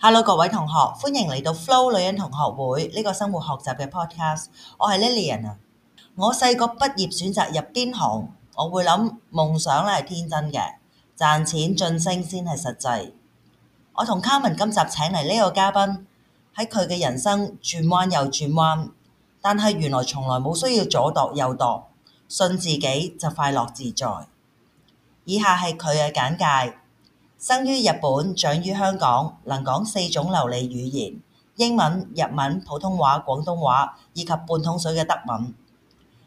哈嘍各位同學，歡迎嚟到 Flo 女人同學會呢個生活學習嘅 podcast，我係 Lillian 啊。我細個畢業選擇入邊行，我會諗夢想咧係天真嘅，賺錢晉升先係實際。我同卡文今集請嚟呢個嘉賓喺佢嘅人生轉彎又轉彎，但係原來從來冇需要左度右度，信自己就快樂自在。以下係佢嘅簡介。生於日本，長於香港，能講四種流利語言：英文、日文、普通話、廣東話，以及半桶水嘅德文。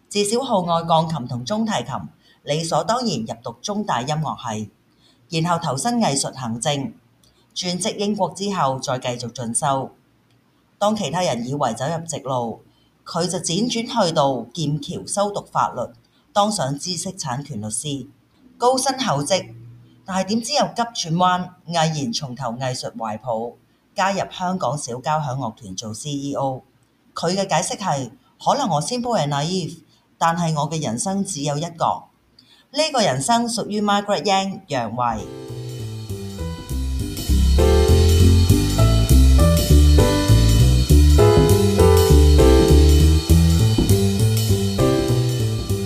自小酷愛鋼琴同中提琴，理所當然入讀中大音樂系，然後投身藝術行政，轉職英國之後再繼續進修。當其他人以為走入直路，佢就輾轉去到劍橋修讀法律，當上知識產權律師，高薪厚職。但係點知又急轉彎，毅然重投藝術懷抱，加入香港小交響樂團做 CEO。佢嘅解釋係：可能我先波係 naive，但係我嘅人生只有一個。呢個人生屬於 Margaret Yang 楊惠。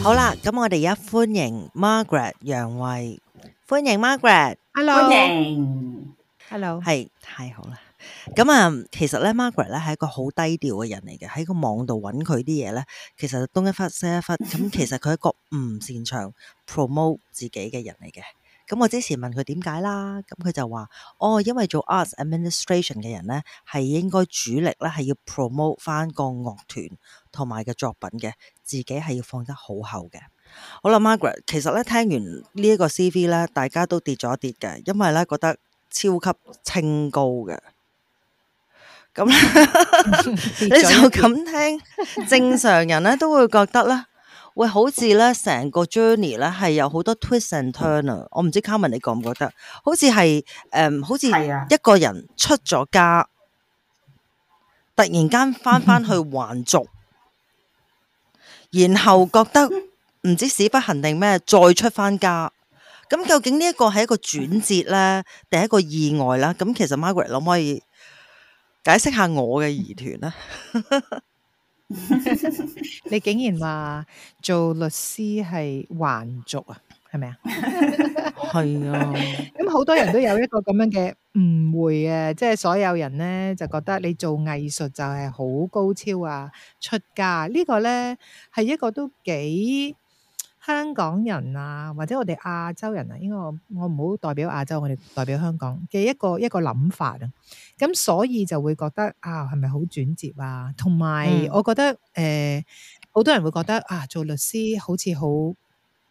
好啦，咁我哋而家歡迎 Margaret 楊惠。歡迎 Margaret，Hello，歡迎，Hello，係 Hello 太好啦。咁、嗯、啊，其實咧 Margaret 咧係一個好低調嘅人嚟嘅，喺個網度揾佢啲嘢咧，其實東一忽西一忽。咁其實佢一個唔擅長 promote 自己嘅人嚟嘅。咁、嗯、 我之前問佢點解啦，咁佢就話：哦，因為做 arts administration 嘅人咧，係應該主力咧係要 promote 翻個樂團同埋個作品嘅，自己係要放得好厚嘅。好啦，Margaret，其實咧聽完呢一個 CV 咧，大家都跌咗跌嘅，因為咧覺得超級清高嘅，咁咧 你就咁聽，正常人咧都會覺得咧，喂，好似咧成個 journey 咧係有好多 twist and turn 啊，我唔知 Carmen 你覺唔覺得，好似係誒，好似一個人出咗家，突然間翻返去還俗，然後覺得。唔知係不幸定咩，再出翻家。咁究竟呢一個係一個轉折咧，定係一個意外啦。咁其實 Margaret 可唔可以解釋下我嘅疑團呢？你竟然話做律師係還俗啊，係咪啊？係啊。咁好多人都有一個咁樣嘅誤會嘅，即係所有人咧就覺得你做藝術就係好高超啊，出家呢個咧係一個都幾。香港人啊，或者我哋亞洲人啊，應該我我唔好代表亞洲，我哋代表香港嘅一個一個諗法啊。咁所以就會覺得啊，係咪好轉折啊？同埋，我覺得誒，嗯呃、好多人會覺得啊，做律師好似好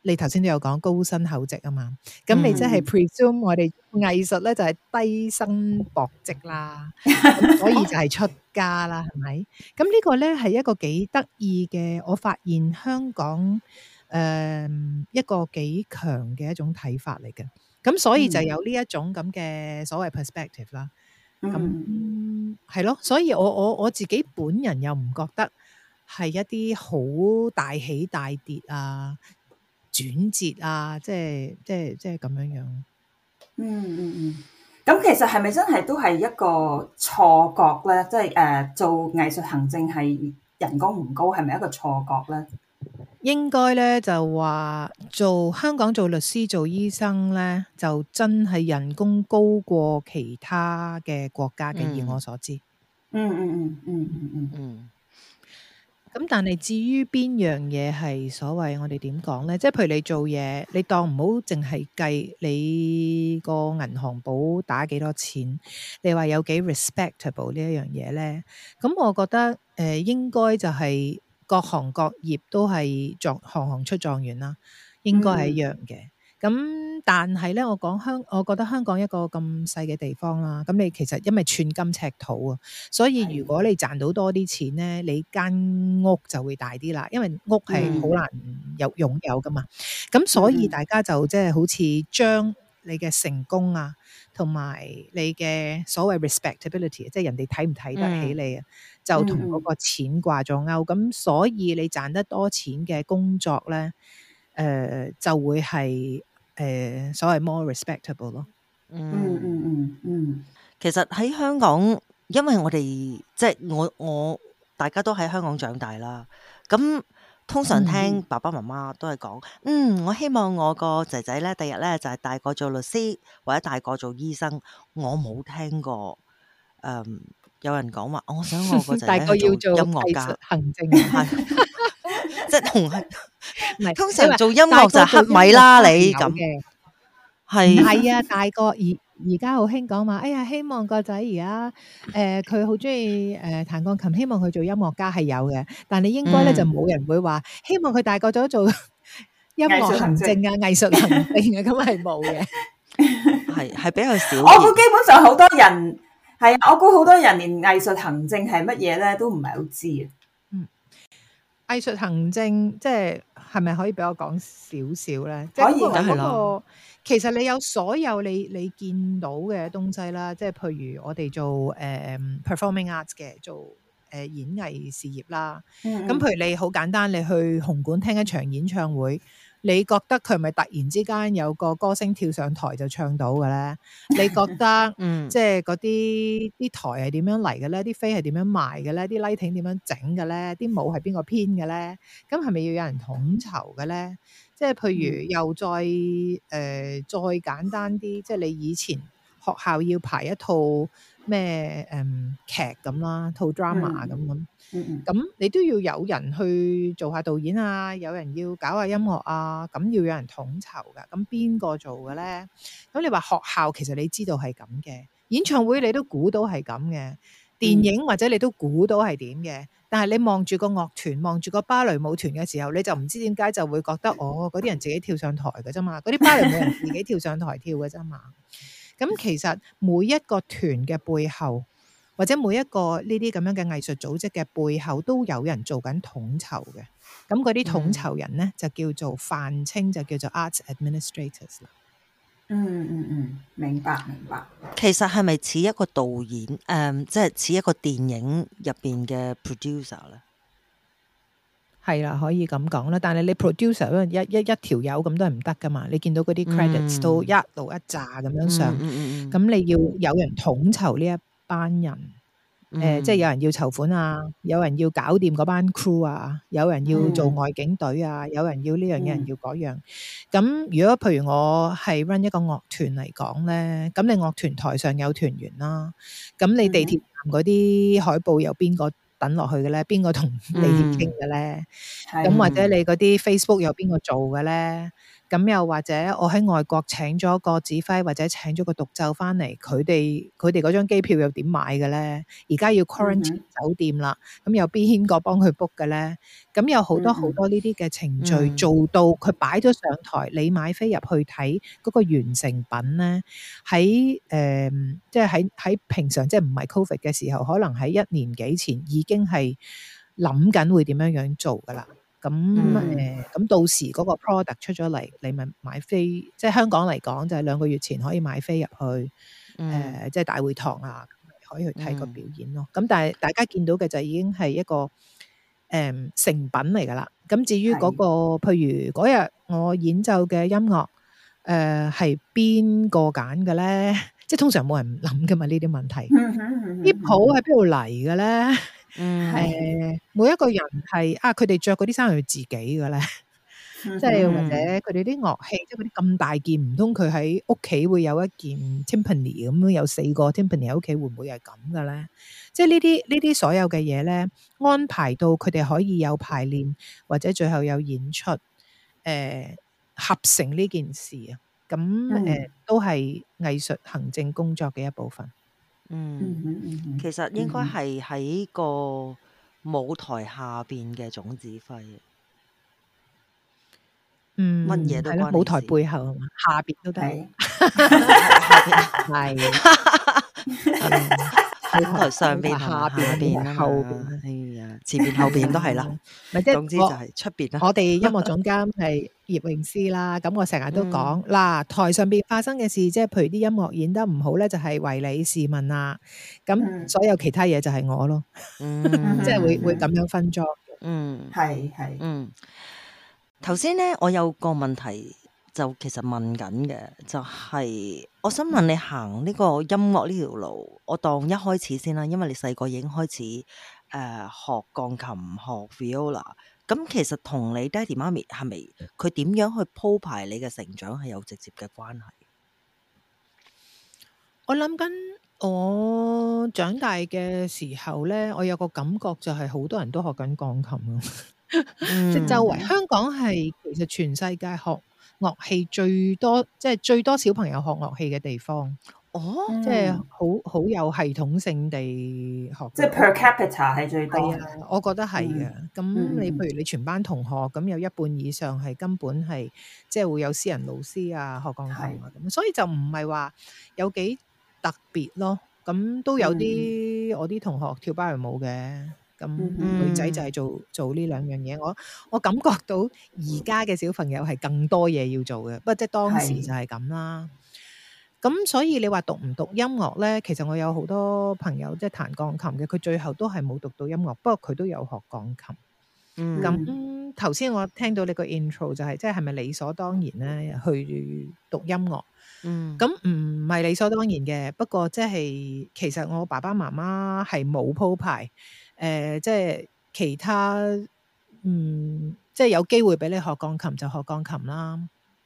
你頭先都有講高薪厚職啊嘛。咁你真係 presume 我哋藝術咧就係低薪薄職啦，嗯、所以就係出家啦，係咪？ 咁呢個咧係一個幾得意嘅，我發現香港。誒一個幾強嘅一種睇法嚟嘅，咁所以就有呢一種咁嘅所謂 perspective 啦。咁係咯，所以我我我自己本人又唔覺得係一啲好大起大跌啊、轉折啊，即係即係即係咁樣樣。嗯嗯嗯，咁其實係咪真係都係一個錯覺咧？即係誒做藝術行政係人工唔高，係咪一個錯覺咧？應該咧就話做香港做律師做醫生咧，就真係人工高過其他嘅國家嘅。以我所知。嗯嗯嗯嗯嗯嗯嗯。咁、嗯嗯嗯嗯嗯嗯、但係至於邊樣嘢係所謂我哋點講咧？即係譬如你做嘢，你當唔好淨係計你個銀行簿打幾多錢，你話有幾 respectable 呢一樣嘢咧？咁、嗯、我覺得誒、呃、應該就係、是。各行各業都係壯行行出狀元啦，應該係一樣嘅。咁但係呢，我講香，我覺得香港一個咁細嘅地方啦。咁你其實因為寸金尺土啊，所以如果你賺到多啲錢呢，你間屋就會大啲啦。因為屋係好難有擁有噶嘛，咁所以大家就即係好似將。你嘅成功啊，同埋你嘅所謂 respectability，即係人哋睇唔睇得起你啊，嗯、就同嗰個錢掛咗鈎咁，所以你賺得多錢嘅工作呢，誒、呃、就會係誒、呃、所謂 more respectable 咯。嗯嗯嗯嗯，嗯嗯嗯，其實喺香港，因為我哋即係我我大家都喺香港長大啦，咁。通常聽爸爸媽媽都係講，嗯，我希望我個仔仔咧，第日咧就係、是、大個做律師或者大個做醫生。我冇聽過誒、嗯，有人講話我想我個仔仔做音樂 家、行政，係即係同黑。通常做音樂就黑米啦，你咁係係啊，大個而家好興講嘛，哎呀，希望個仔而家，誒，佢好中意誒彈鋼琴，希望佢做音樂家係有嘅，但你應該咧就冇人會話，希望佢大個咗做音樂行政啊、藝術行政啊，咁係冇嘅，係係比較少。我估基本上好多人係啊，我估好多人連藝術行政係乜嘢咧都唔係好知啊。嗯，藝術行政即係係咪可以俾我講少少咧？即係包括嗰個。其實你有所有你你見到嘅東西啦，即係譬如我哋做誒、呃、performing arts 嘅，做誒、呃、演藝事業啦。咁、mm hmm. 譬如你好簡單，你去紅館聽一場演唱會，你覺得佢係咪突然之間有個歌星跳上台就唱到嘅咧？你覺得，嗯、 mm，hmm. 即係嗰啲啲台係點樣嚟嘅咧？啲飛係點樣賣嘅咧？啲 lighting 點樣整嘅咧？啲舞係邊個編嘅咧？咁係咪要有人統籌嘅咧？即係譬如又再誒、呃、再簡單啲，即係你以前學校要排一套咩誒、嗯、劇咁啦，套 drama 咁咁，咁的你都要有人去做下導演啊，有人要搞下音樂啊，咁要有人統籌㗎，咁邊個做嘅咧？咁你話學校其實你知道係咁嘅，演唱會你都估到係咁嘅，電影或者你都估到係點嘅。嗯但係你望住個樂團，望住個芭蕾舞團嘅時候，你就唔知點解就會覺得哦，嗰啲人自己跳上台㗎啫嘛，嗰啲芭蕾舞人自己跳上台跳㗎啫嘛。咁其實每一個團嘅背後，或者每一個呢啲咁樣嘅藝術組織嘅背後，都有人做緊統籌嘅。咁嗰啲統籌人呢，就叫做泛稱，就叫做 arts administrators。嗯嗯嗯，明白明白。其實係咪似一個導演誒、呃，即係似一個電影入邊嘅 producer 咧？係啦，可以咁講啦。但係你 producer 一一一,一條友咁都係唔得噶嘛？你見到嗰啲 credits、嗯、都一路一炸咁樣上，咁、嗯嗯嗯、你要有人統籌呢一班人。誒、嗯呃，即係有人要籌款啊，嗯、有人要搞掂嗰班 crew 啊，嗯、有人要做外景隊啊，嗯、有人要呢樣，嗯、有人要嗰樣。咁如果譬如我係 run 一個樂團嚟講呢，咁你樂團台上有團員啦、啊，咁你地鐵站嗰啲海報有邊個等落去嘅呢？邊個同地鐵傾嘅呢？咁、嗯、或者你嗰啲 Facebook 有邊個做嘅呢？咁又或者我喺外國請咗個指揮，或者請咗個獨奏翻嚟，佢哋佢哋嗰張機票又點買嘅呢？而家要 quarantine 酒店啦，咁有邊個幫佢 book 嘅呢？咁有好多好多呢啲嘅程序、mm hmm。做到，佢擺咗上台，你買飛入去睇嗰個完成品呢。喺誒，即係喺喺平常即係唔係 covid 嘅時候，可能喺一年幾前已經係諗緊會點樣樣做噶啦。咁誒，咁、嗯嗯嗯、到時嗰個 product 出咗嚟，你咪買飛，即係香港嚟講就係、是、兩個月前可以買飛入去，誒、嗯，即係、呃就是、大會堂啊，可以去睇個表演咯。咁、嗯、但係大家見到嘅就已經係一個誒、嗯、成品嚟噶啦。咁至於嗰、那個，是譬如嗰日我演奏嘅音樂，誒係邊個揀嘅咧？即係通常冇人諗噶嘛呢啲問題。啲譜喺邊度嚟嘅咧？嗯哼誒，嗯、每一個人係啊，佢哋着嗰啲衫係佢自己嘅咧，即 係、就是、或者佢哋啲樂器即係嗰啲咁大件，唔通佢喺屋企會有一件 timpani 咁樣，有四個 timpani 喺屋企，會唔會係咁嘅咧？即係呢啲呢啲所有嘅嘢咧，安排到佢哋可以有排練，或者最後有演出，誒、呃、合成呢件事啊，咁誒、嗯呃、都係藝術行政工作嘅一部分。嗯，其實應該係喺個舞台下邊嘅總指揮，嗯，乜嘢都喺、嗯、舞台背後，下邊都得，係。 下 舞台上邊、下邊、後邊，哎呀，前邊、後邊都係啦。咪即係總之就係出邊啦。我哋音樂總監係葉詠詩啦，咁我成日都講嗱，台上邊發生嘅事，即係譬如啲音樂演得唔好咧，就係為你試問啦。咁所有其他嘢，就係我咯，即係會會咁樣分 job。嗯，係，係，嗯。頭先咧，我有個問題。就其實問緊嘅，就係、是、我想問你行呢個音樂呢條路，我當一開始先啦，因為你細個已經開始誒、呃、學鋼琴學 viola，咁其實同你爹哋媽咪係咪佢點樣去鋪排你嘅成長係有直接嘅關係？我諗緊我長大嘅時候呢，我有個感覺就係好多人都學緊鋼琴咯，即係周圍香港係其實全世界學樂器最多，即係最多小朋友學樂器嘅地方，哦，嗯、即係好好有系統性地學。即係 per capita 係最低，我覺得係嘅。咁、嗯、你譬如你全班同學，咁有一半以上係根本係，即係會有私人老師啊學鋼琴啊咁，是所以就唔係話有幾特別咯。咁都有啲、嗯、我啲同學跳芭蕾舞嘅。咁、嗯、女仔就係做做呢兩樣嘢。我我感覺到而家嘅小朋友係更多嘢要做嘅，嗯、不過即係當時就係咁啦。咁是所以你話讀唔讀音樂呢？其實我有好多朋友即係彈鋼琴嘅，佢最後都係冇讀到音樂，不過佢都有學鋼琴。咁頭先我聽到你個 intro 就係即係係咪理所當然呢？去讀音樂？咁唔係理所當然嘅，不過即係，其實我爸爸媽媽係冇鋪排。誒、呃，即係其他，嗯，即係有機會俾你學鋼琴就學鋼琴啦，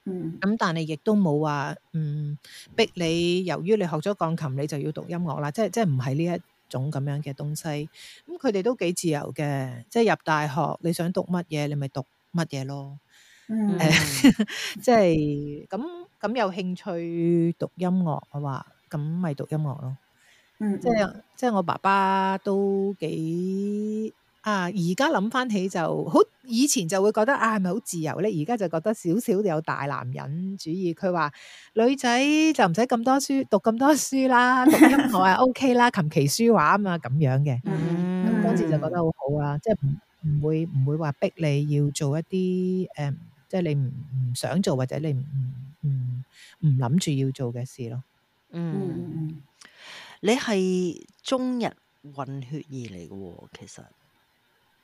嗯，咁但係亦都冇話，嗯，逼你。由於你學咗鋼琴，你就要讀音樂啦，即係即係唔係呢一種咁樣嘅東西。咁佢哋都幾自由嘅，即係入大學你想讀乜嘢，你咪讀乜嘢咯。嗯、 即係咁咁有興趣讀音樂嘅話，咁咪讀音樂咯。嗯嗯，即係即係，我爸爸都幾啊。而家諗翻起就好，以前就會覺得啊，係咪好自由呢？而家就覺得少少有大男人主義。佢話女仔就唔使咁多書讀，咁多書啦，讀音樂啊 O K 啦， 琴棋書畫啊嘛，咁樣嘅。咁嗰陣就覺得好好啊，即係唔唔會唔會話逼你要做一啲誒，即係你唔唔想做或者你唔唔唔諗住要做嘅事咯。嗯，嗯。你係中日混血兒嚟嘅喎，其實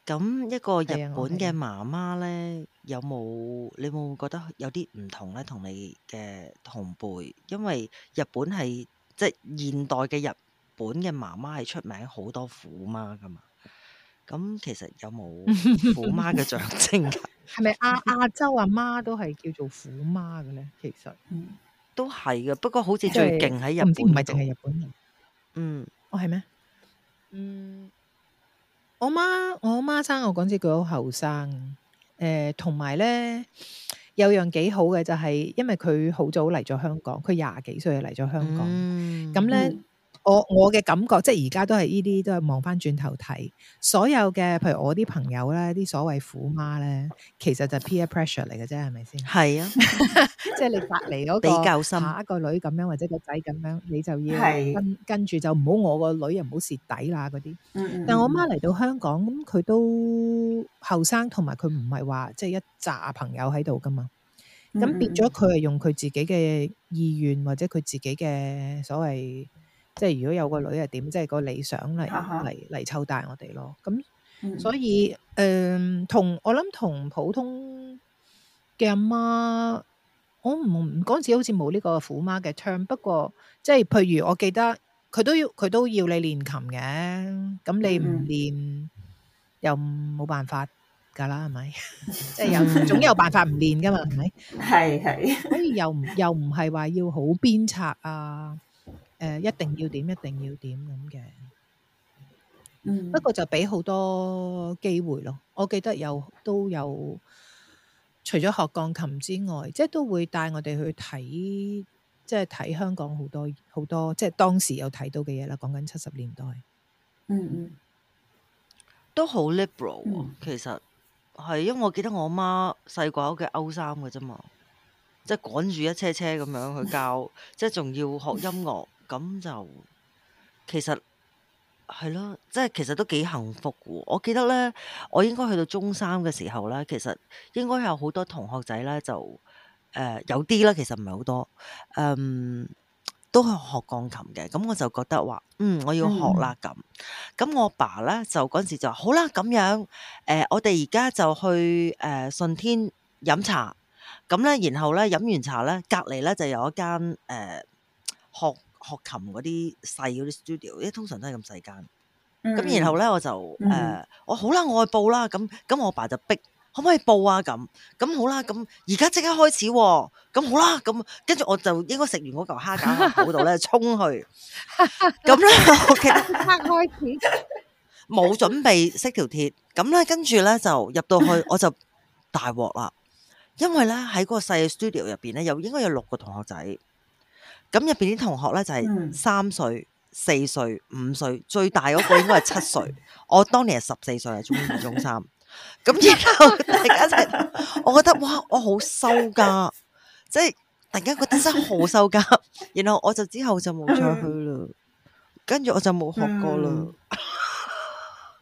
咁一個日本嘅媽媽呢，的有冇你有冇覺得有啲唔同呢？同你嘅同輩，因為日本係即係現代嘅日本嘅媽媽係出名好多虎媽㗎嘛。咁其實有冇虎媽嘅象徵？係咪亞亞洲阿媽，媽都係叫做虎媽嘅呢？其實、嗯、都係嘅，不過好似最勁喺日本，唔係淨係日本人。嗯，我係咩？嗯，我媽，我媽生我嗰時佢、呃、好後生，誒，同埋咧有樣幾好嘅就係、是，因為佢好早嚟咗香港，佢廿幾歲就嚟咗香港，咁咧、嗯。我我嘅感覺，即係而家都係呢啲都係望翻轉頭睇，所有嘅，譬如我啲朋友咧，啲所謂虎媽咧，其實就 peer pressure 嚟嘅啫，係咪先？係是啊 即、那個，即係你隔離嗰個下一個女咁樣，或者個仔咁樣，你就要跟是跟住就唔好我個女又唔好蝕底啦嗰啲。嗯嗯，但我媽嚟到香港咁，佢都後生，同埋佢唔係話即係一紮朋友喺度噶嘛。咁變咗佢係用佢自己嘅意願，或者佢自己嘅所謂。即係如果有個女係點，即係個理想嚟，嚟嚟湊大我哋咯。咁、嗯、所以誒、呃，同我諗同普通嘅阿媽，我唔嗰陣時好似冇呢個虎媽嘅 term。不過即係譬如我記得佢都要佢都要你練琴嘅，咁你唔練、嗯、又冇辦法㗎啦，係咪？即 係有總有辦法唔練㗎嘛，係咪？係係。所以又唔又唔係話要好鞭策啊。誒、呃，一定要點，一定要點咁嘅。Mm hmm. 不過就俾好多機會咯。我記得有都有除咗學鋼琴之外，即係都會帶我哋去睇，即係睇香港好多好多，即係當時有睇到嘅嘢啦。講緊七十年代，嗯嗯、mm，hmm. 都好 liberal、啊。其實係，mm hmm. 因為我記得我媽細個嘅歐三嘅啫嘛，即係趕住一車車咁樣去教，即係仲要學音樂。咁就其實係咯，即係其實都幾幸福嘅。我記得呢，我應該去到中三嘅時候呢，其實應該有好多同學仔呢，就、呃、誒有啲啦，其實唔係好多。嗯，都係學鋼琴嘅。咁我就覺得話，嗯，我要學啦。咁咁、嗯，我爸呢，就嗰陣時就話好啦，咁樣誒、呃，我哋而家就去誒順、呃、天飲茶。咁呢，然後呢，飲完茶呢，隔離呢，就有一間誒、呃、學。學琴嗰啲細嗰啲 studio，因通常都係咁細間。咁、嗯、然後咧我就誒，嗯、我好啦，我去報啦。咁咁，我爸就逼可唔可以報啊？咁咁好啦，咁而家即刻開始、啊。咁好啦，咁跟住我就應該食完嗰嚿蝦餃喺嗰度咧衝去。咁咧， 我其實即刻 開始鐵冇準備識條鐵。咁咧，跟住咧就入到去我就大鑊啦。因為咧喺嗰個細 studio 入邊咧，有應該有六個同學仔。咁入邊啲同學咧就係三歲、四歲、五歲，最大嗰個應該係七歲。 我當年係十四歲啊，中二、中三。咁然後，大家一齊，我覺得哇，我好羞家，即係突然間覺得真係好羞家。然後我就之後就冇再去啦，跟住 我就冇學過啦。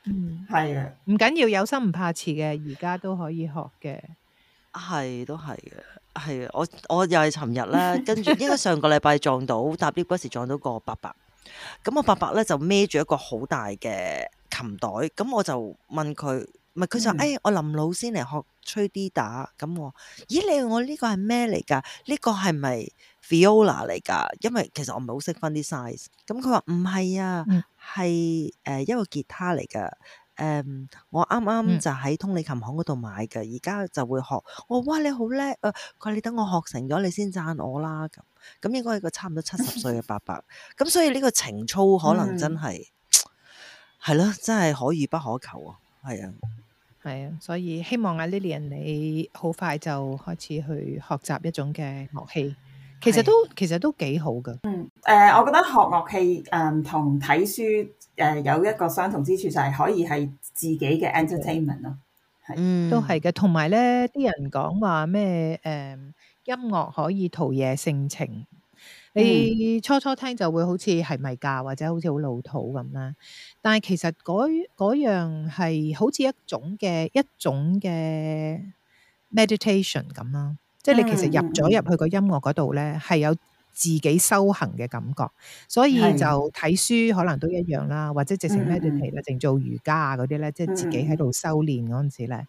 嗯，係啊 的，唔緊要，有心唔怕遲嘅，而家都可以學嘅，係都係嘅。係啊，我我又係尋日咧，跟住應該上個禮拜撞到搭 lift 嗰時撞到個伯伯，咁我伯伯咧就孭住一個好大嘅琴袋，咁我就問佢，唔係佢就話誒，我臨老先嚟學吹 D 打，咁我咦你我呢個係咩嚟噶？呢個係咪 viola 嚟噶？因為其實我唔係好識分啲 size，咁佢話唔係啊，係誒、嗯、一個吉他嚟噶。誒，um, 我啱啱就喺通利琴行嗰度買嘅，而家就會學。我話、嗯哦、哇你好叻啊！佢、呃、話你等我學成咗，你先讚我啦。咁咁應該係一個差唔多七十歲嘅伯伯。咁 所以呢個情操可能真係係咯，真係可遇不可求啊！係啊，係啊，所以希望阿、啊、Lillian 你好快就開始去學習一種嘅樂器。其實都的其實都幾好㗎。嗯，誒、呃，我覺得學樂器誒同睇書誒、呃、有一個相同之處就係可以係自己嘅 entertainment 咯。嗯，都係嘅。同埋咧，啲人講話咩誒音樂可以陶冶性情。嗯、你初初聽就會好似係咪㗎，或者好似好老土咁啦。但係其實嗰嗰樣係好似一種嘅一種嘅 meditation 咁啦。即係你其實入咗入去個音樂嗰度咧，係有自己修行嘅感覺，所以就睇書可能都一樣啦，或者直情咩都睇啦，淨做瑜伽啊嗰啲咧，即係自己喺度修煉嗰陣時咧，誒、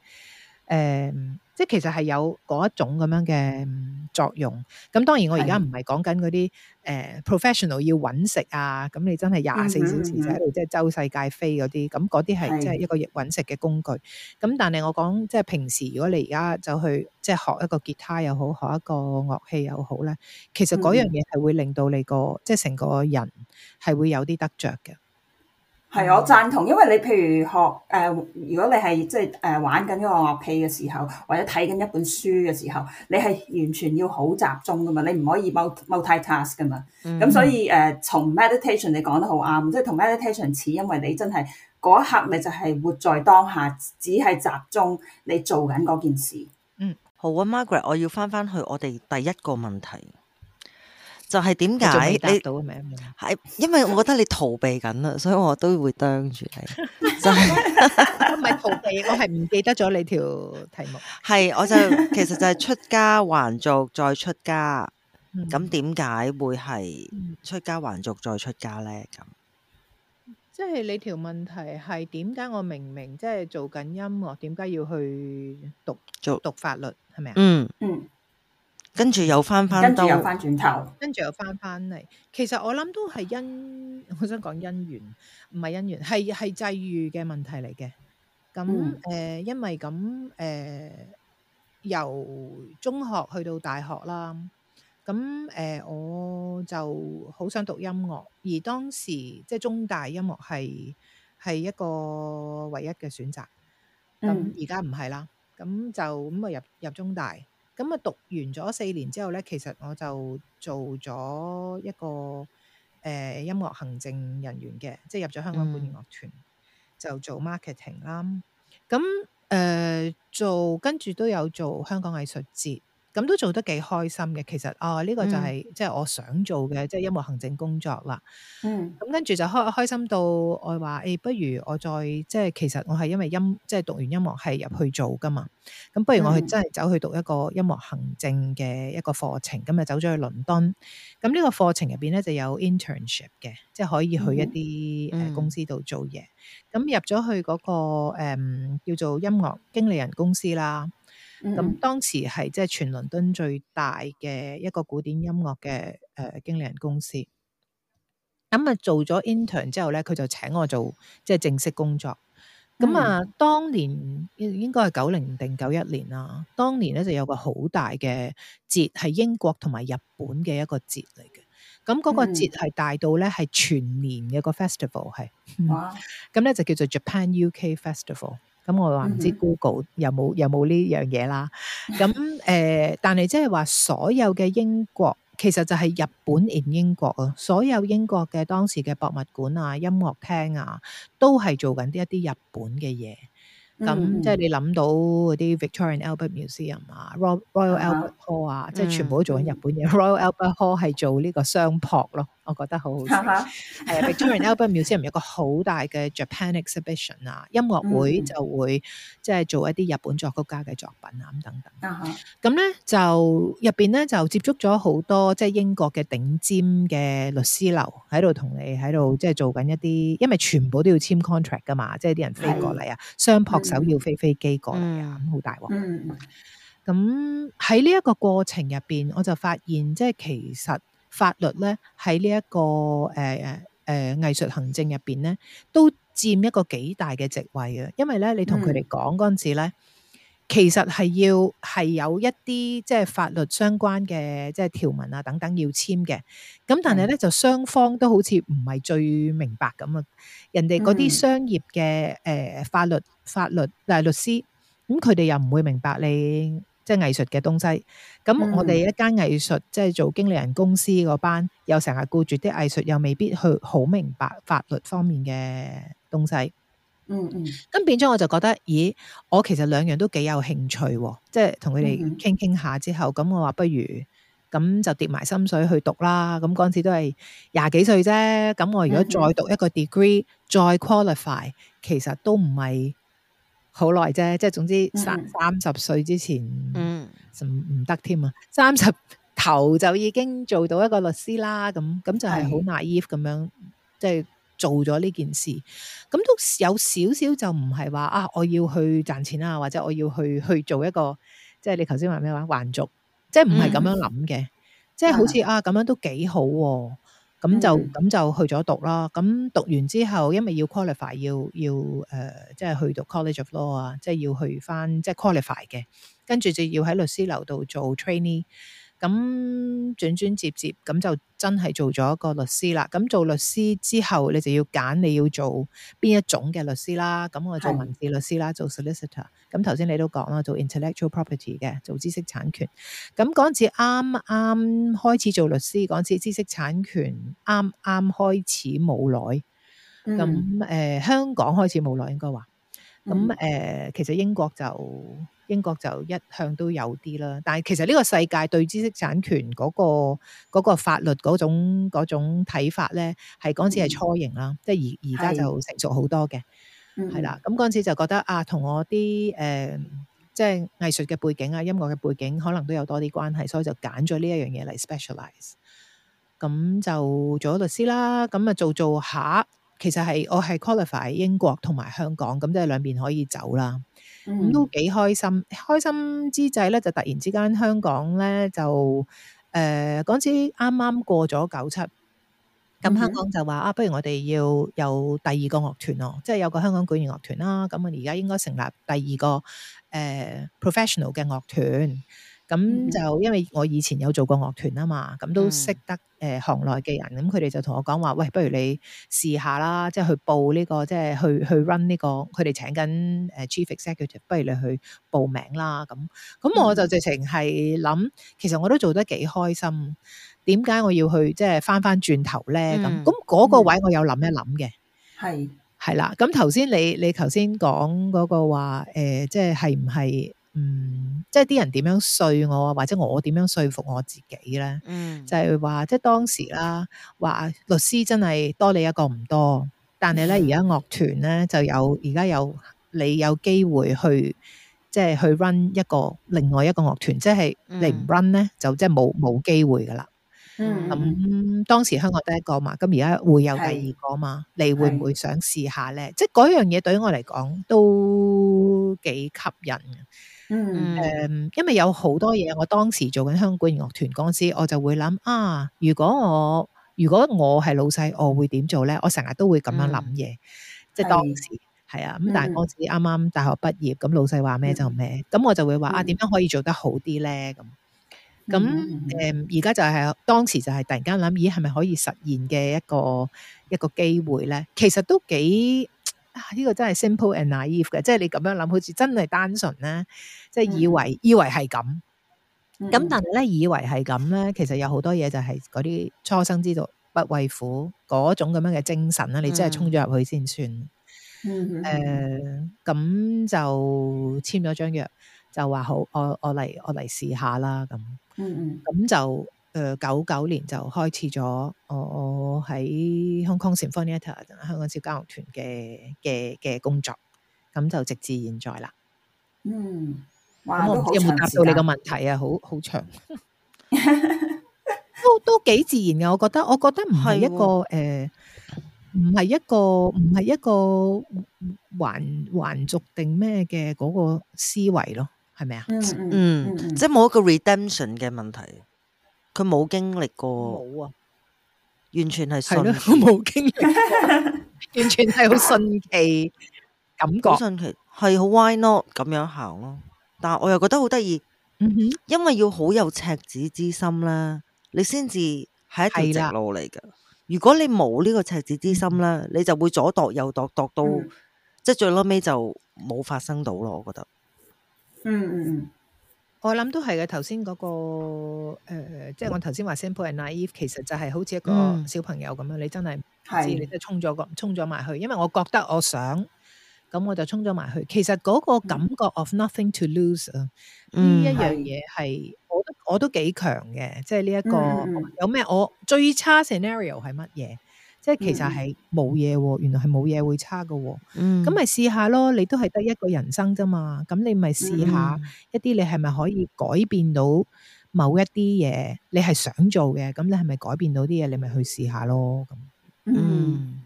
嗯。即係其實係有嗰一種咁樣嘅作用。咁當然我而家唔係講緊嗰啲誒 professional 要揾食啊。咁你真係廿四小時就喺度的即係周世界飛嗰啲。咁嗰啲係即係一個揾食嘅工具。咁但係我講，即係平時如果你而家就去即係學一個吉他又好，學一個樂器又好咧，其實嗰樣嘢係會令到你個、嗯、即係成個人係會有啲得着嘅。係，我贊同，因為你譬如學誒、呃，如果你係即係誒玩緊嗰個樂器嘅時候，或者睇緊一本書嘅時候，你係完全要好集中噶嘛，你唔可以 mult multitask 噶嘛。咁、嗯、所以誒，從、呃、meditation 你講得好啱，即係同 meditation 似，因為你真係嗰一刻你就係活在當下，只係集中你做緊嗰件事。嗯，好啊，Margaret，我要翻翻去我哋第一個問題。就係點解你係因為我覺得你逃避緊啦，所以我都會啄住你。真係！我唔係逃避，我係唔記得咗你條題目。係，我就其實就係出家還俗再出家。咁點解會係出家還俗再出家咧？咁即係你條問題係點解我明明即係做緊音樂，點解要去讀做讀法律？係咪啊？嗯嗯。跟住又翻翻，跟住又翻轉頭，跟住又翻翻嚟。其實我諗都係因，我想講姻緣，唔係姻緣，係係際遇嘅問題嚟嘅。咁誒、呃，因為咁誒、呃，由中學去到大學啦。咁誒、呃，我就好想讀音樂，而當時即係中大音樂系係一個唯一嘅選擇。咁而家唔係啦，咁就咁啊入入中大。咁啊，讀完咗四年之後咧，其實我就做咗一個誒、呃、音樂行政人員嘅，即係入咗香港管弦樂團就做 marketing 啦。咁、嗯、誒、呃、做跟住都有做香港藝術節。咁都做得幾開心嘅，其實啊呢、這個就係、是嗯、即係我想做嘅，即、就、係、是、音樂行政工作啦。嗯，咁跟住就開開心到我話誒、哎，不如我再即係其實我係因為音即係讀完音樂係入去做㗎嘛。咁不如我去、嗯、我真係走去讀一個音樂行政嘅一個課程，咁啊走咗去倫敦。咁呢個課程入邊咧就有 internship 嘅，即係可以去一啲誒公司度做嘢。咁、嗯嗯、入咗去嗰、那個、嗯、叫做音樂經理人公司啦。咁、嗯、當時係即係全倫敦最大嘅一個古典音樂嘅誒經理人公司，咁、嗯、啊做咗 intern 之後咧，佢就請我做即係、就是、正式工作。咁啊，當年應該係九零定九一年啦。當年咧就有個好大嘅節，係英國同埋日本嘅一個節嚟嘅。咁嗰個節係大到咧係全年嘅個 festival 係，咁、嗯、咧哇就叫做 Japan UK Festival。咁我話唔知 Google 有冇有冇呢樣嘢啦。咁誒、嗯嗯哼嗯，但係即係話所有嘅英國其實就係日本 in 英國啊，所有英國嘅當時嘅博物館啊、音樂廳啊，都係做緊啲一啲日本嘅嘢。咁即係你諗到嗰啲 Victoria and Albert Museum 啊、Royal Albert Hall 啊，嗯、哼即係全部都做緊日本嘢。Royal Albert Hall 係做呢個商拍咯。我覺得好好笑，誒、 uh，Victoria and Albert Museum 有個好大嘅 Japan exhibition 啊，音樂會就會即係做一啲日本作曲家嘅作品啊，咁等等。咁 呢就入邊呢，就接觸咗好多即係英國嘅頂尖嘅律師樓喺度，同你喺度即係做緊一啲，因為全部都要簽 contract 噶嘛，即係啲人飛過嚟啊， 雙撲手要飛飛機過嚟啊，咁好、 嗯、大鑊。咁喺呢一個過程入邊，我就發現即係其實。法律咧喺呢一、這個誒誒誒藝術行政入邊咧，都佔一個幾大嘅席位嘅。因為咧，你同佢哋講嗰陣時咧，其實係要係有一啲即係法律相關嘅即係條文啊等等要簽嘅。咁但係咧，就雙方都好似唔係最明白咁啊。人哋嗰啲商業嘅誒、呃、法律法律嗱、呃、律師，咁佢哋又唔會明白你。即係藝術嘅東西，咁我哋一間藝術即係做經理人公司嗰班，又成日顧住啲藝術，又未必去好明白法律方面嘅東西。嗯嗯，咁變咗我就覺得，咦，我其實兩樣都幾有興趣喎。即係同佢哋傾傾下之後，咁、嗯嗯、我話不如咁就跌埋心水去讀啦。咁嗰陣時都係廿幾歲啫。咁我如果再讀一個 degree，再 qualify，其實都唔係，好耐啫，即係總之三三十歲之前唔唔得添啊！三十，嗯、頭就已經做到一個律師啦，咁咁就係好 naive 咁樣，即係做咗呢件事，咁都有少少就唔係話啊，我要去賺錢啊，或者我要去去做一個，即係你頭先話咩話，還俗，即係唔係咁樣諗嘅，嗯、即係好似啊咁樣都幾好，啊。咁、嗯、就咁就去咗讀啦。咁讀完之後，因為要 qualify，要要誒、呃，即係去讀 college of law 啊，即係要去返即係 qualify 嘅，跟住就要喺律師樓度做 trainee。咁轉轉接接，咁就真係做咗一個律師啦。咁做律師之後，你就要揀你要做邊一種嘅律師啦。咁我做文字律師啦是，做 solicitor。咁頭先你都講啦，做 intellectual property 嘅，做知識產權。咁嗰陣時啱啱開始做律師，嗰陣時知識產權啱啱開始冇耐。咁誒、嗯呃、香港開始冇耐應該話。咁誒、呃、其實英國就。英國就一向都有啲啦，但係其實呢個世界對知識產權嗰、嗰個嗰個法律嗰種睇法呢，係嗰陣時係初型啦，mm hmm. 即係而而家就成熟好多嘅，係、mm hmm. 啦。咁嗰陣時就覺得啊，同我啲誒、呃、即係藝術嘅背景啊、音樂嘅背景可能都有多啲關係，所以就揀咗呢一樣嘢嚟 specialise。咁就做咗律師啦，咁啊做做下，其實係我係 qualify 英國同埋香港，咁即係兩邊可以走啦。咁、嗯、都幾開心，開心之際咧，就突然之間香港咧就誒、嗰、呃、次啱啱過咗九七，咁香港就話、嗯、哼啊，不如我哋要有第二個樂團咯、哦，即係有個香港管弦樂團啦、啊，咁啊而家應該成立第二個誒、呃、professional 嘅樂團。咁就因為我以前有做過樂團啊嘛，咁都識得誒行內嘅人，咁佢哋就同我講話，喂，不如你試下啦，即係去報呢個，即係去去 run 呢個，佢哋請緊誒 chief executive，不如你去報名啦。咁咁我就直情係諗，其實我都做得幾開心，點解我要去即係返返轉頭咧？咁咁嗰個位我有諗一諗嘅，係係啦。咁頭先你你頭先講嗰個話誒，即係係唔係嗯？即係啲人點樣説我啊，或者我點樣説服我自己咧？嗯，就係話即係當時啦，話律師真係多你一個唔多，但係咧而家樂團咧就有而家有你有機會去即係去 run 一個另外一個樂團，即係你唔 run 咧、嗯、就即係冇冇機會噶啦。嗯，咁、嗯、當時香港得一個嘛，咁而家會有第二個嘛，是你會唔會想試下咧？即係嗰樣嘢對於我嚟講都幾吸引。嗯，因為有好多嘢，我當時做緊香港樂團公司，我就會諗啊，如果我如果我係老細，我會點做呢？我成日都會咁樣諗嘢，嗯、即係當時係、嗯、啊。咁但係當時啱啱大學畢業，咁老細話咩就咩，咁、嗯、我就會話、嗯、啊，點樣可以做得好啲呢？咁、嗯、咁、嗯就是，誒，而家就係當時就係突然間諗，咦，係咪可以實現嘅一個一個機會呢？其實都幾呢、啊呢個真係 simple and naive 嘅，即、就、係、是、你咁樣諗，好似真係單純呢。即係以為以為係咁，咁、嗯、但係咧以為係咁咧，其實有好多嘢就係嗰啲初生之犢不畏虎嗰種咁樣嘅精神啦。你真係衝咗入去先算，嗯。嗯。咁、嗯呃、就簽咗張約，就話好，我我嚟我嚟試下啦。咁。咁、嗯嗯、就誒九九年就開始咗，我喺 Hong Kong Sinfonietta 香港小交響樂團嘅嘅嘅工作，咁就直至現在啦。嗯。我唔知有冇答到你個問題啊，好好長，都都幾自然嘅，我覺得，我覺得唔係一個誒，唔係一個唔係一個環環族定咩嘅嗰個思維咯，係咪啊？嗯嗯嗯，即係冇一個 redemption 嘅問題，佢冇經歷過，冇啊，完全係信，冇經歷，完全係好順其感覺，順其係好 why not 咁樣行咯。但係我又覺得好得意，因為要好有赤子之心啦，你先至係一條直路嚟㗎。是的 如果你冇呢個赤子之心啦，嗯、你就會左度右度度到，嗯、即係最撈尾就冇發生到咯。我覺得，嗯嗯，那個呃、我諗都係嘅。頭先嗰個即係我頭先話 simple and naive，其實就係好似一個小朋友咁樣。嗯、你真係知是的 你即係衝咗個，衝咗埋去。因為我覺得我想。咁我就衝咗埋去。其實嗰個感覺 of nothing to lose 啊，呢一樣嘢係我我都幾強嘅。即係呢一個有咩我最差 scenario 係乜嘢？即係其實係冇嘢喎，原來係冇嘢會差㗎喎。咁咪試下咯。你都係得一個人生啫嘛。咁你咪試下一啲你係咪可以改變到某一啲嘢？你係想做嘅，咁你係咪改變到啲嘢？你咪去試下咯。嗯，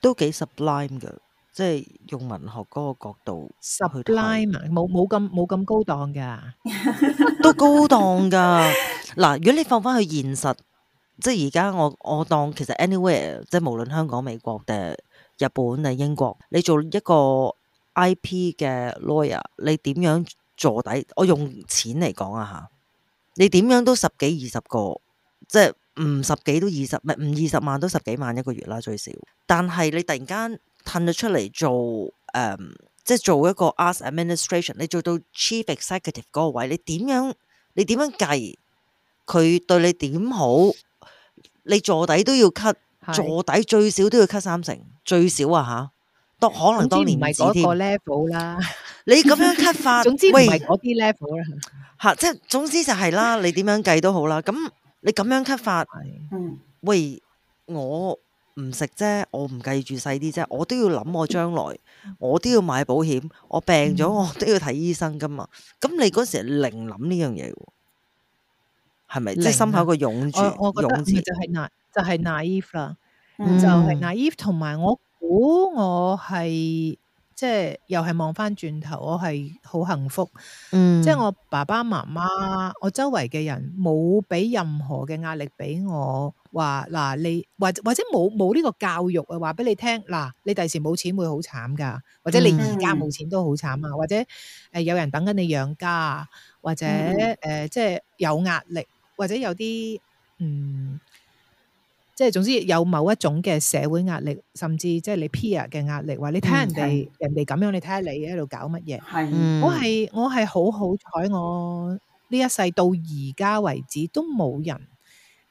都幾 sublime 㗎。即係用文學嗰個角度去拉埋冇冇咁冇咁高檔㗎， 都高檔㗎。嗱，如果你放翻去現實，即係而家我我當其實 anywhere，即係無論香港、美國定日本定英國，你做一個 IP 嘅 lawyer，你點樣坐底？我用錢嚟講啊嚇，你點樣都十幾二十個，即係唔十幾都二十，唔二十萬都十幾萬一個月啦最少。但係你突然間。褪咗出嚟做，誒、嗯，即係做一個 arts administration，你做到 chief executive 嗰個位，你點樣？你點樣計？佢對你點好？你坐底都要 cut，坐是底最少都要 cut 三成，最少啊吓，都可能當年唔知添。唔係嗰個 level 啦， 你咁樣 cut 法 總，總之唔係嗰啲 level 啦。吓，即係總之就係啦，你點樣計都好啦。咁你咁樣 cut 法，是喂，我。唔食啫，我唔計住細啲啫，我都要諗我將來，我都要買保險，我病咗我都要睇醫生噶嘛。咁、嗯、你嗰時零諗呢樣嘢喎，係咪？零即係心口個湧住，我覺得涌池就係 naï 就係 naïve 啦。嗯、就係 naïve。同埋我估我係即係又係望翻轉頭，我係好幸福。嗯、即係我爸爸媽媽，我周圍嘅人冇俾任何嘅壓力俾我。話嗱，你或或者，冇冇呢個教育啊，話俾你聽嗱，你第時冇錢會好慘㗎，或者你而家冇錢都好慘啊，或者誒有人等緊你養家啊，或者誒、嗯呃、即係有壓力，或者有啲嗯，即係總之有某一種嘅社會壓力，甚至即係你 peer 嘅壓力，話你睇人哋、嗯、人哋咁樣，的你睇下你喺度搞乜嘢的？我係我係好好彩，我呢一世到而家為止都冇人。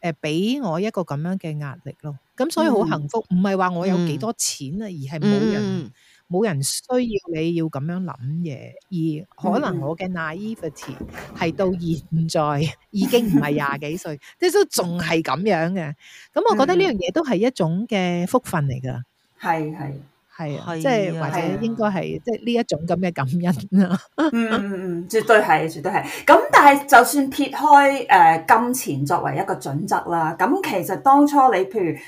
誒，俾我一個咁樣嘅壓力咯，咁所以好幸福。唔係話我有幾多錢啊，嗯、而係冇人冇人需要你要咁樣諗嘢，而可能我嘅 naivety 係到現在已經唔係廿幾歲， 即係都仲係咁樣嘅。咁我覺得呢樣嘢都係一種嘅福分嚟噶，係係。係啊，即係或者應該係即係呢一種咁嘅感恩啦、嗯。嗯嗯嗯，絕對係，絕對係。咁但係就算撇開誒、呃、金錢作為一個準則啦，咁其實當初你譬如誒、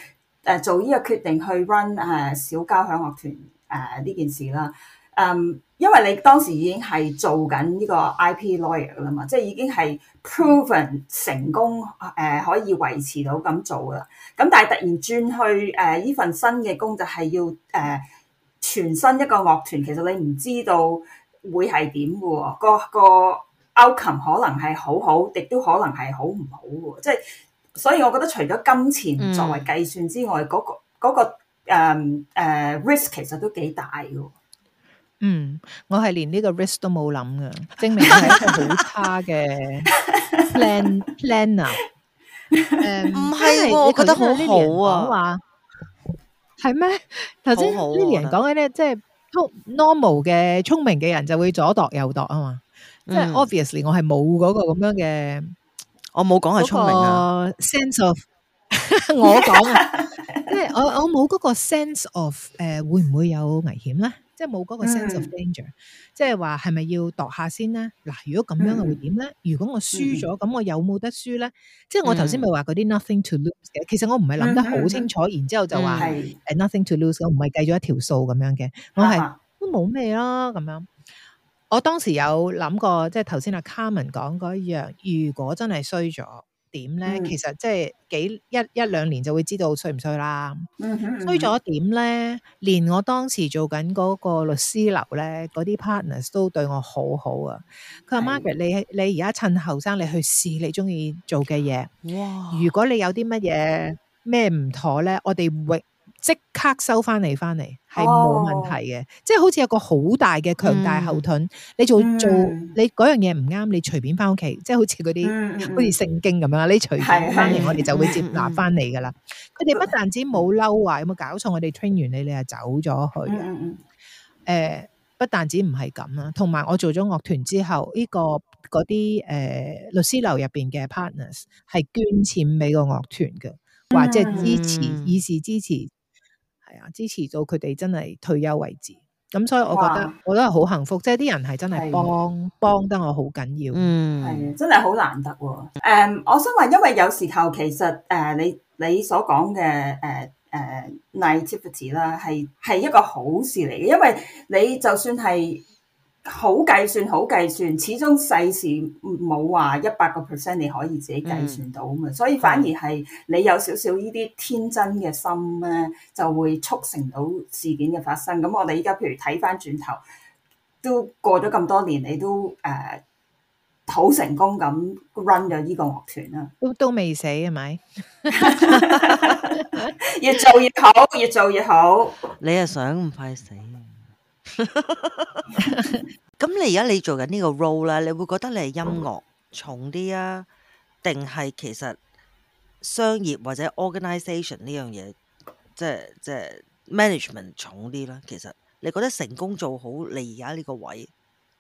呃、做呢個決定去 run 誒、呃、小交響樂團誒呢、呃、件事啦，嗯、呃，因為你當時已經係做緊呢個 IP lawyer 啦嘛，即係已經係 proven 成功誒、呃、可以維持到咁做啦。咁但係突然轉去誒呢、呃、份新嘅工作就係要誒。呃呃全新一個樂團，其實你唔知道會係點嘅喎，個 outcome 可能係好好，亦都可能係好唔好嘅喎。即係所以，我覺得除咗金錢作為計算之外，嗰、嗯嗰個嗰、嗰個、um, uh, risk 其實都幾大嘅。嗯，我係連呢個 risk 都冇諗嘅，證明係一個好差嘅 plan planner。誒、um，唔係、嗯、的我覺得好好啊。係咩？頭先 Lily 講嘅咧，即係、就是、normal 嘅聰明嘅人就會左度右度啊嘛，嗯、即係 obviously 我係冇嗰個咁樣嘅，我冇講係聰明啊，sense of 我講啊，即係我我冇嗰個 sense of 誒會唔會有危險咧？即係冇嗰個 sense of danger，mm. 即係話係咪要度下先咧？嗱，如果咁樣嘅會點咧？Mm. 如果我輸咗，咁我有冇得輸咧？Mm. 即係我頭先咪話嗰啲 nothing to lose 嘅，其實我唔係諗得好清楚，mm. 然之後就話誒、mm. nothing to lose，我唔係計咗一條數咁樣嘅，我係、uh huh. 都冇咩啦咁樣。我當時有諗過，即係頭先阿 Carmen 講嗰樣，如果真係衰咗。點咧，嗯、其實即係幾一一兩年就會知道衰唔衰啦。衰咗、嗯嗯、點咧，連我當時做緊嗰個律師樓咧，嗰啲 partners 都對我好好啊。佢話是：Margaret，你你而家趁後生，你去試你中意做嘅嘢。哇！如果你有啲乜嘢咩唔妥咧，我哋會。即刻收翻嚟，翻嚟係冇問題嘅，即係好似有個好大嘅強大後盾。嗯、你做做、嗯、你嗰樣嘢唔啱，你隨便翻屋企，即係好似嗰啲好似聖經咁樣。你隨便翻嚟，嗯嗯、我哋就會接納翻嚟噶啦。佢哋、嗯、不但止冇嬲啊，有冇搞錯？我哋 train 完你，你又走咗去啊、嗯呃？不但止唔係咁啦，同埋我做咗樂團之後，呢、呢個嗰啲誒律師樓入邊嘅 partners 係捐錢俾個樂團嘅，即係支持，以示支持。係啊，支持到佢哋真係退休為止，咁所以我覺得哇我都係好幸福，即係啲人係真係幫幫得我好緊要，係真係好難得喎、哦。誒、um,，我想話，因為有時候其實誒、uh,，你你所講嘅誒誒，naivety 啦，係、uh, 係、uh, 一個好事嚟嘅，因為你就算係，好計算，好計算，始終世事冇話一百個 percent 你可以自己計算到啊嘛，嗯、所以反而係你有少少呢啲天真嘅心咧，就會促成到事件嘅發生。咁我哋依家譬如睇翻轉頭，都過咗咁多年，你都誒好、uh, 成功咁 run 咗呢個樂團啊，都未死係咪？ 越做越好，越做越好。你係想咁快死？咁 你而家你做緊呢個 role 啦，你會覺得你係音樂重啲啊，定係其實商業或者 organization 呢樣嘢，即係即係 management 重啲啦？其實你覺得成功做好你而家呢個位，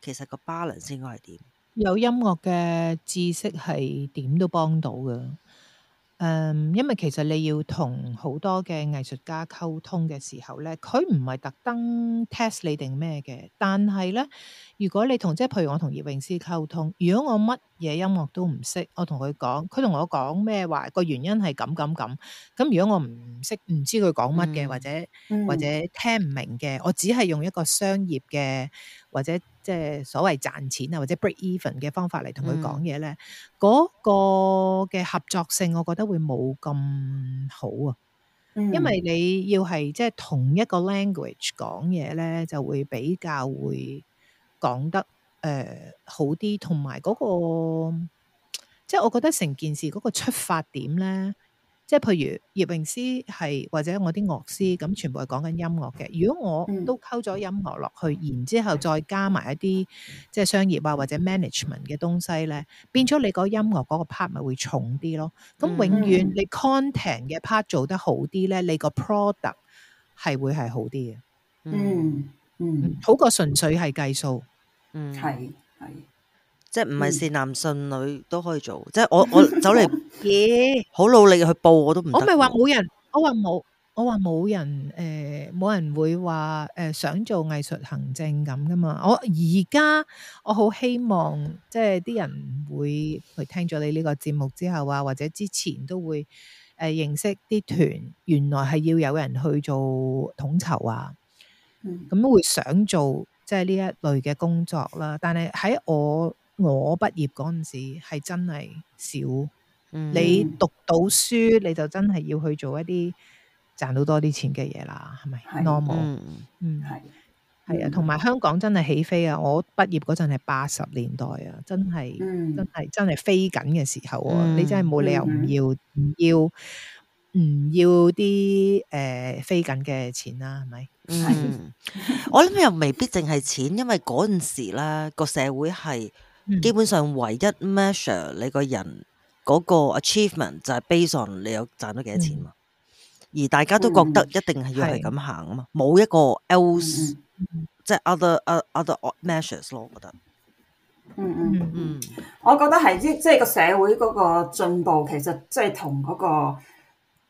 其實個 balance 應該係點？有音樂嘅知識係點都幫到㗎。誒，因為其實你要同好多嘅藝術家溝通嘅時候咧，佢唔係特登 test 你定咩嘅，但係咧，如果你同即係譬如我同葉詠詩溝通，如果我乜嘢音樂都唔識，我同佢講，佢同我講咩話，個原因係咁咁咁，咁如果我唔識，唔知佢講乜嘅，或者或者聽唔明嘅，嗯、我只係用一個商業嘅或者，即係所謂賺錢啊，或者 break even 嘅方法嚟同佢講嘢呢，嗰個嘅合作性，我覺得會冇咁好啊。因為你要係即係同一個 language 講嘢呢，就會比較會講得誒好啲，同埋嗰個即係我覺得成件事嗰個出發點呢。即係譬如葉詠詩係或者我啲樂師咁，全部係講緊音樂嘅。如果我都溝咗音樂落去，然之後再加埋一啲即係商業啊或者 management 嘅東西咧，變咗你個音樂嗰個 part 咪會重啲咯。咁永遠你 content 嘅 part 做得好啲咧，你個 product 係會係好啲嘅、嗯。嗯嗯，好過純粹係計數。嗯，係係、嗯。即係唔係是善男信女都可以做。嗯、即係我我走嚟，好 努力去報我都唔得。我咪話冇人，我話冇，我話冇人誒，冇、呃、人會話誒、呃、想做藝術行政咁噶嘛。我而家我好希望，即係啲人會去聽咗你呢個節目之後啊，或者之前都會誒認識啲團，原來係要有人去做統籌啊，咁、嗯、樣會想做即係呢一類嘅工作啦。但係喺我。我畢業嗰陣時係真係少，嗯、你讀到書你就真係要去做一啲賺到多啲錢嘅嘢啦，係咪？Normal，是嗯，係、嗯，係啊，同埋香港真係起飛啊！我畢業嗰陣係八十年代啊，真係、嗯，真係，真係飛緊嘅時候喎、啊，嗯、你真係冇理由唔要唔要唔要啲誒、呃、飛緊嘅錢啦、啊，係咪？嗯， 我諗又未必淨係錢，因為嗰陣時啦，個社會係。基本上唯一 measure 你個人嗰個 achievement 就係 based on 你有賺咗幾多錢嘛，嗯、而大家都覺得一定係要係咁行啊嘛，冇是一個 else 即係、嗯、other, other other measures 咯，嗯嗯、我覺得，嗯嗯嗯，我覺得係即係個社會嗰個進步其實即係同嗰個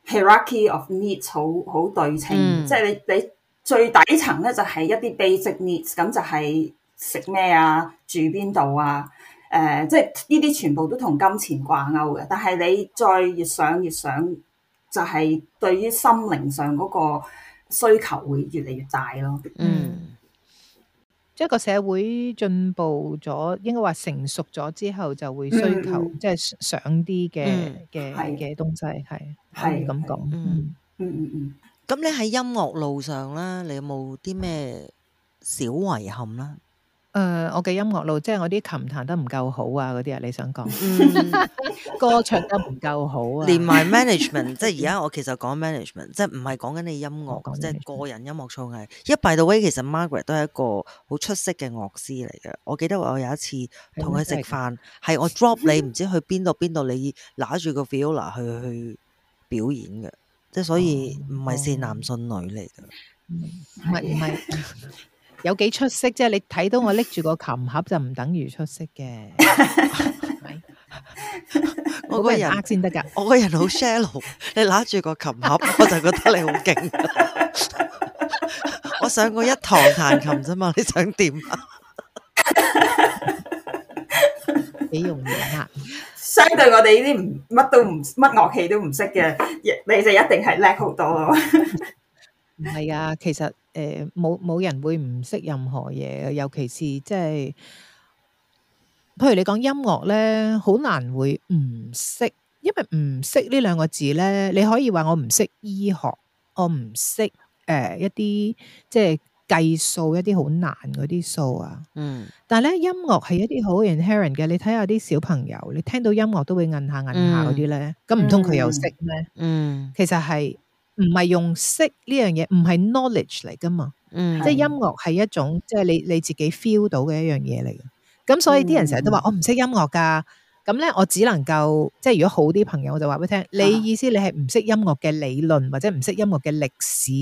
hierarchy of needs 好好對稱，即係、嗯、你你最底層咧就係一啲 basic needs，咁就係、是。食咩啊？住邊度啊？誒、呃，即係呢啲全部都同金錢掛鈎嘅。但係你再越想越想，越想就係對於心靈上嗰個需求會越嚟越大咯。嗯，即係個社會進步咗，應該話成熟咗之後就會需求即係、嗯嗯、想啲嘅嘅嘅東西係係咁講。嗯嗯嗯。咁是你喺音樂路上啦，你有冇啲咩小遺憾啦？誒，uh, 我嘅音樂路即係我啲琴彈得唔夠好啊，嗰啲啊，你想講？ 歌唱得唔夠好啊連。連埋 management，即係而家我其實講 management，即係唔係講緊你音樂，即係個人音樂操藝。一 by the way 其實 Margaret 都係一個好出色嘅樂師嚟嘅。我記得我有一次同佢食飯，係嗎我 drop 你唔 知去邊度邊度，你拿住個 viola、e、去去表演嘅，即係所以唔係是善男信女嚟嘅，唔係唔係。有幾出色？即係你睇到我拎住個琴盒就唔等於出色嘅。我個人呃先得㗎，我個人好 shallow。你拿住個琴盒，我就覺得你好勁。我上過一堂彈琴啫嘛，你想點？幾容易啊！相對我哋呢啲唔乜都唔乜樂器都唔識嘅，亦你就一定係叻好多咯。唔係啊，其實。誒，冇冇、呃、人會唔識任何嘢，尤其是即、就、係、是，譬如你講音樂咧，好難會唔識，因為唔識呢兩個字咧，你可以話我唔識醫學，我唔識誒、呃、一啲即係計數，一啲好難嗰啲數啊。嗯，但係咧，音樂係一啲好 inherent 嘅，你睇下啲小朋友，你聽到音樂都會摁下摁下嗰啲咧，咁唔通佢又識咩、嗯？嗯，其實係。唔係用識呢樣嘢，唔係 knowledge 嚟噶嘛，即係音樂係一種即係你你自己 feel 到嘅一樣嘢嚟嘅。咁所以啲人成日都話我唔識音樂噶，咁呢我只能夠即係如果好啲朋友我就話俾你聽，你意思你係唔識音樂嘅理論或者唔識音樂嘅歷史，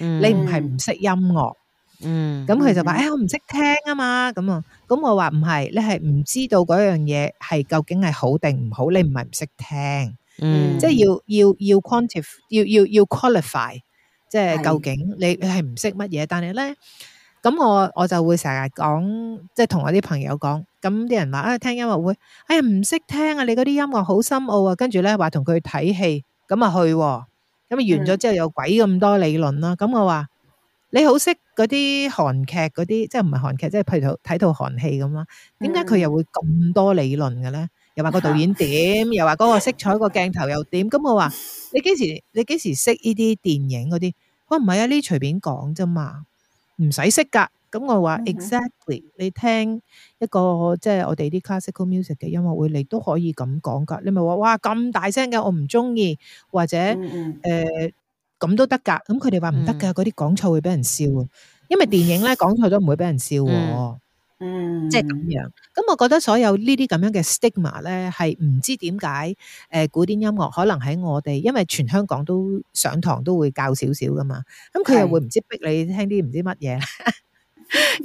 你唔係唔識音樂，咁佢就話誒我唔識聽啊嘛，咁啊，咁我話唔係，你係唔知道嗰樣嘢係究竟係好定唔好，你唔係唔識聽。嗯，即係要要要 quantify，要要要 qualify，即係究竟你你係唔識乜嘢？的但係呢，咁我我就會成日講，即係同我啲朋友講，咁啲人話啊、哎、聽音樂會，哎呀唔識聽啊，你嗰啲音樂好深奧啊，跟住呢話同佢睇戲，咁啊去，咁啊完咗之後有鬼咁多理論啦、啊、咁、嗯、我話你好識嗰啲韓劇嗰啲，即係唔係韓劇，即係譬如睇套韓戲咁啊，點解佢又會咁多理論嘅呢？又話個導演點，又話嗰個色彩，個鏡頭又點，咁我話你幾時你幾時識呢啲電影嗰啲？可唔係啊，呢隨便講咋嘛，唔使識噶。咁我話 exactly，你聽一個即係我哋啲 classical music 嘅音樂會，你都可以咁講噶。你咪話哇咁大聲嘅，我唔中意，或者誒咁都得噶。咁佢哋話唔得嘅，嗰啲講錯會俾人笑，因為電影咧講錯都唔會俾人笑嘅。嗯嗯、即係咁樣。咁我覺得所有呢啲咁樣嘅 stigma 呢，係唔知點解。誒，古典音樂可能喺我哋，因為全香港都上堂都會教少少噶嘛。咁佢又會唔知逼你聽啲唔知乜嘢。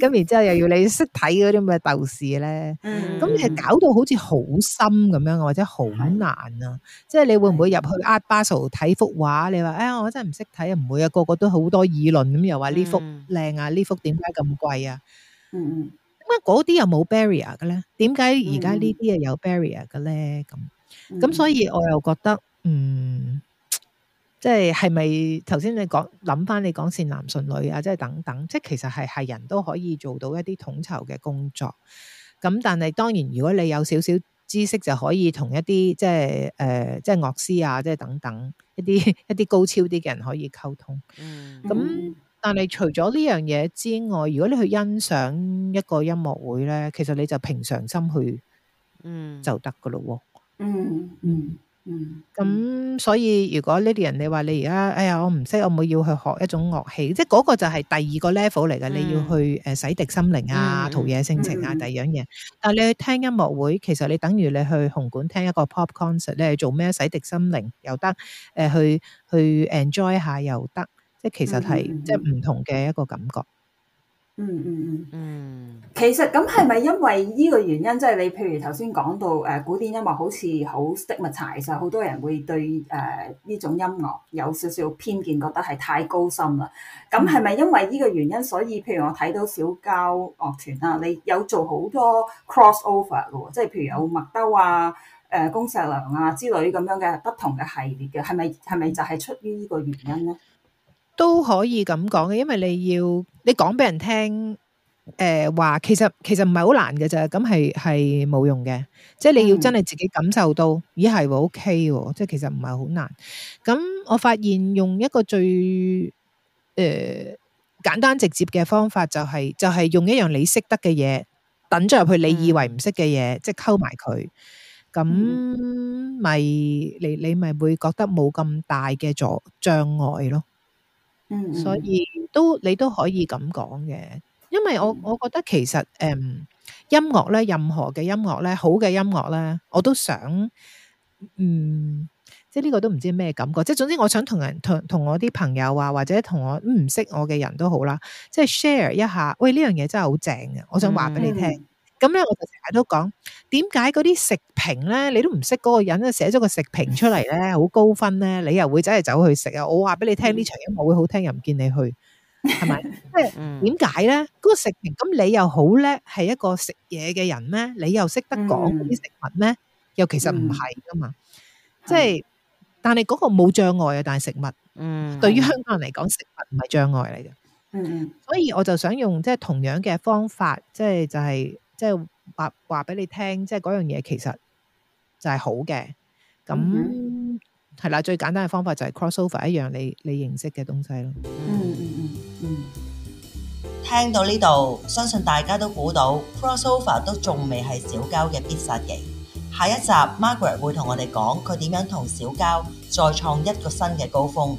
咁是 然之後又要你識睇嗰啲咁嘅鬥士呢。嗯。咁你搞到好似好深咁樣，或者好難啊？是即係你會唔會入去 Art Basel 睇幅畫？你話誒、哎，我真係唔識睇啊，唔會啊，個個都好多議論咁，又話呢幅靚啊，呢、嗯、幅點解咁貴啊？嗯咁嗰啲又冇 barrier 嘅咧，點解而家呢啲啊有 barrier 嘅咧？咁咁所以我又覺得，嗯，即係係咪頭先你講諗翻你講善男信女啊，即、就、係、是、等等，即、就、係、是、其實係係人都可以做到一啲統籌嘅工作。咁但係當然，如果你有少少知識，就可以同一啲即係誒，即係樂、呃、師啊，即、就、係、是、等等一啲一啲高超啲嘅人可以溝通。嗯，咁。但係除咗呢樣嘢之外，如果你去欣賞一個音樂會咧，其實你就平常心去，嗯，就得噶咯。嗯嗯嗯。咁所以如果呢啲人你話你而家，哎呀，我唔識，我唔會要去學一種樂器，即係嗰個就係第二個 level 嚟噶。你要去誒洗滌心靈啊，陶冶性情啊，第二樣嘢。但係你去聽音樂會，其實你等於你去紅館聽一個 pop concert，你去做咩？洗滌心靈又得，誒去去 enjoy 下又得。即係其實係即係唔同嘅一個感覺。嗯嗯嗯嗯。其實咁係咪因為呢個原因，即係你譬如頭先講到誒古典音樂好似好 stigma，就係好多人會對誒呢種音樂有少少偏見，覺得係太高深啦。咁係咪因為呢個原因，所以譬如我睇到小交樂團啦，你有做好多 cross over 嘅喎，即係譬如有麥兜啊、誒龔錫良啊之類咁樣嘅不同嘅系列嘅，係咪係咪就係出於呢個原因咧？都可以咁講嘅，因為你要你講俾人聽，誒話其實其實唔係好難嘅咋。咁係係冇用嘅，即係你要真係自己感受到咦係喎，OK 喎，即係其實唔係好難。咁我發現用一個最誒簡單直接嘅方法，就係就係用一樣你識得嘅嘢，等咗入去，你以為唔識嘅嘢，即係溝埋佢咁，咪你你咪會覺得冇咁大嘅阻障礙咯。所以都你都可以咁講嘅，因為我我覺得其實誒、嗯、音樂咧，任何嘅音樂咧，好嘅音樂咧，我都想，嗯，即係呢個都唔知咩感覺，即係總之我想同人同同我啲朋友啊，或者同我唔識我嘅人都好啦，即係 share 一下，喂呢樣嘢真係好正嘅，我想話俾你聽。咁咧、嗯，我就成日都講。點解嗰啲食評咧，你都唔識嗰個人咧，寫咗個食評出嚟咧，好高分咧，你又會走嚟走去食啊？我話俾你聽呢場音樂會好聽，又唔見你去，係咪？即係點解咧？嗰個食評，咁你又好叻，係一個食嘢嘅人咩？你又識得講啲食物咩？又其實唔係噶嘛，即係，但係嗰個冇障礙啊。但係食物，嗯，對於香港人嚟講，食物唔係障礙嚟嘅，嗯嗯。所以我就想用即係同樣嘅方法，即係就係。即係話，話俾你聽，即係嗰樣嘢，其實就係好嘅。咁係啦，最簡單嘅方法就係 crossover 一樣你你認識嘅東西咯。嗯嗯嗯嗯，hmm. mm hmm. 聽到呢度，相信大家都估到 crossover 都仲未係小交嘅必殺技。下一集 Margaret 會同我哋講佢點樣同小交再創一個新嘅高峰。